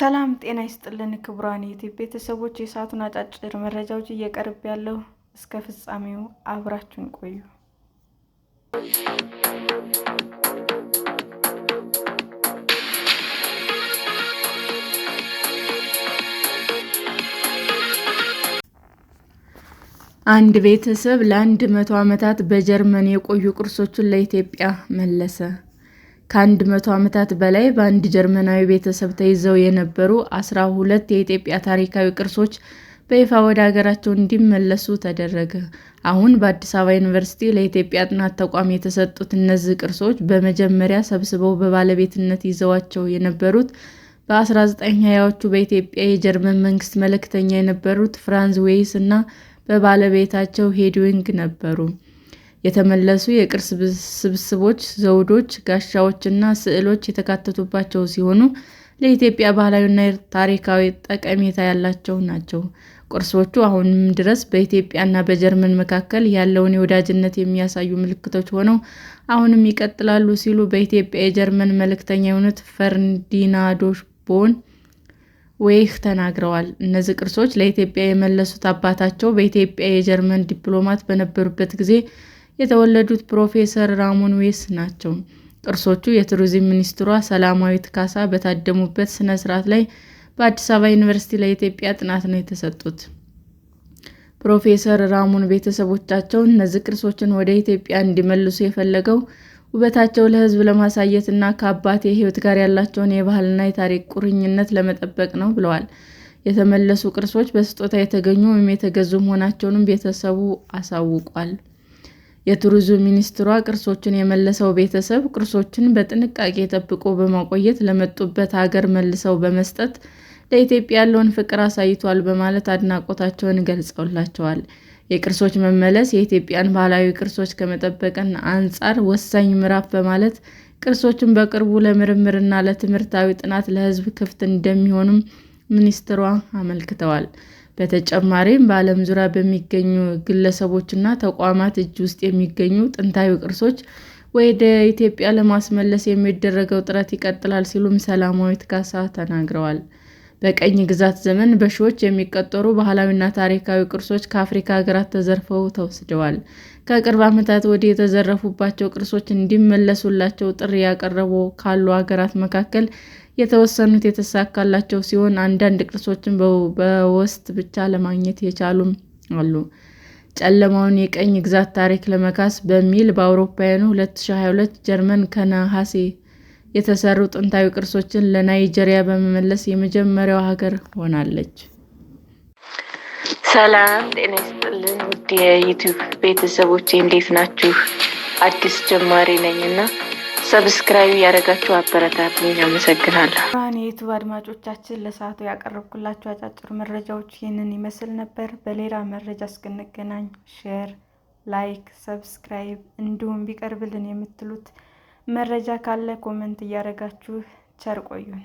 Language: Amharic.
ሰላም ጤና ይስጥልን ክቡራን ዩቲዩብ ቤተሰቦች፣ የሰዓቱን አጫጭር መረጃዎች እየቀርብ ያለው እስከ ፍጻሜው አብራችሁን ቆዩ። አንድ ቤተሰብ ለአንድ መቶ ዓመታት በጀርመን የቆዩ ቅርሶችን ለኢትዮጵያ መለሰ። ከአንድ መቶ ዓመታት በላይ በአንድ ጀርመናዊ ቤተሰብ ተይዘው የነበሩ አስራ ሁለት የኢትዮጵያ ታሪካዊ ቅርሶች በይፋ ወደ ሀገራቸው እንዲመለሱ ተደረገ። አሁን በአዲስ አበባ ዩኒቨርሲቲ ለኢትዮጵያ ጥናት ተቋም የተሰጡት እነዚህ ቅርሶች በመጀመሪያ ሰብስበው በባለቤትነት ይዘዋቸው የነበሩት በ1920ዎቹ በኢትዮጵያ የጀርመን መንግስት መልእክተኛ የነበሩት ፍራንዝ ዌይስ እና በባለቤታቸው ሄድዊግ ነበሩ። የተመለሱ የቅርስ ስብስቦች፣ ዘውዶች፣ ጋሻዎችና ስዕሎች የተካተቱባቸው ሲሆኑ ለኢትዮጵያ ባህላዊና ታሪካዊ ጠቀሜታ ያላቸው ናቸው። ቅርሶቹ አሁንም ድረስ በኢትዮጵያና በጀርመን መካከል ያለውን የወዳጅነት የሚያሳዩ ምልክቶች ሆነው አሁንም ይቀጥላሉ ሲሉ በኢትዮጵያ የጀርመን መልእክተኛ የሆኑት ፈርዲናንዶ ቦን ወይህ ተናግረዋል። እነዚህ ቅርሶች ለኢትዮጵያ የመለሱት አባታቸው በኢትዮጵያ የጀርመን ዲፕሎማት በነበሩበት ጊዜ የተወለዱት ፕሮፌሰር ራሞን ዌስ ናቸው። ቅርሶቹ የቱሪዝም ሚኒስትሯ ሰላማዊት ካሳ በታደሙበት ስነ ስርዓት ላይ በአዲስ አበባ ዩኒቨርሲቲ ለኢትዮጵያ ጥናት ነው የተሰጡት። ፕሮፌሰር ራሞን ቤተሰቦቻቸው እነዚህ ቅርሶችን ወደ ኢትዮጵያ እንዲመልሱ የፈለገው ውበታቸው ለሕዝብ ለማሳየት እና ከአባቴ ሕይወት ጋር ያላቸውን የባህልና የታሪክ ቁርኝነት ለመጠበቅ ነው ብለዋል። የተመለሱ ቅርሶች በስጦታ የተገኙ ወይም የተገዙ መሆናቸውንም ቤተሰቡ አሳውቋል። የቱሪዝም ሚኒስትሯ ቅርሶችን የመለሰው ቤተሰብ ቅርሶችን በጥንቃቄ ጠብቆ በማቆየት ለመጡበት ሀገር መልሰው በመስጠት ለኢትዮጵያ ያለውን ፍቅር አሳይቷል በማለት አድናቆታቸውን ገልጸውላቸዋል። የቅርሶች መመለስ የኢትዮጵያን ባህላዊ ቅርሶች ከመጠበቅን አንጻር ወሳኝ ምዕራፍ በማለት ቅርሶችን በቅርቡ ለምርምርና ለትምህርታዊ ጥናት ለሕዝብ ክፍት እንደሚሆኑም ሚኒስትሯ አመልክተዋል። በተጨማሪም በዓለም ዙሪያ በሚገኙ ግለሰቦችና ተቋማት እጅ ውስጥ የሚገኙ ጥንታዊ ቅርሶች ወደ ኢትዮጵያ ለማስመለስ የሚደረገው ጥረት ይቀጥላል ሲሉም ሰላማዊት ካሳ ተናግረዋል። በቀኝ ግዛት ዘመን በሺዎች የሚቆጠሩ ባህላዊና ታሪካዊ ቅርሶች ከአፍሪካ ሀገራት ተዘርፈው ተወስደዋል። ከቅርብ ዓመታት ወዲህ የተዘረፉባቸው ቅርሶች እንዲመለሱላቸው ጥሪ ያቀረቡ ካሉ ሀገራት መካከል የተወሰኑት የተሳካላቸው ሲሆን፣ አንዳንድ ቅርሶችን በውስጥ ብቻ ለማግኘት የቻሉም አሉ። ጨለማውን የቀኝ ግዛት ታሪክ ለመካስ በሚል በአውሮፓውያኑ 2022 ጀርመን ከነሐሴ የተሰሩ ጥንታዊ ቅርሶችን ለናይጄሪያ በመመለስ የመጀመሪያው ሀገር ሆናለች። ሰላም ጤና ይስጥልን ውድ የዩቱብ ቤተሰቦች እንዴት ናችሁ? አዲስ ጀማሪ ነኝ እና ሰብስክራይብ ያደረጋችሁ አበረታት አመሰግናለሁ። ብርሃን የዩቱብ አድማጮቻችን ለሰዓቱ ያቀረብኩላችሁ አጫጭር መረጃዎች ይህንን ይመስል ነበር። በሌላ መረጃ እስክንገናኝ ሼር፣ ላይክ፣ ሰብስክራይብ እንዲሁም ቢቀርብልን የምትሉት መረጃ ካለ ኮመንት እያደረጋችሁ ቸር ቆዩን።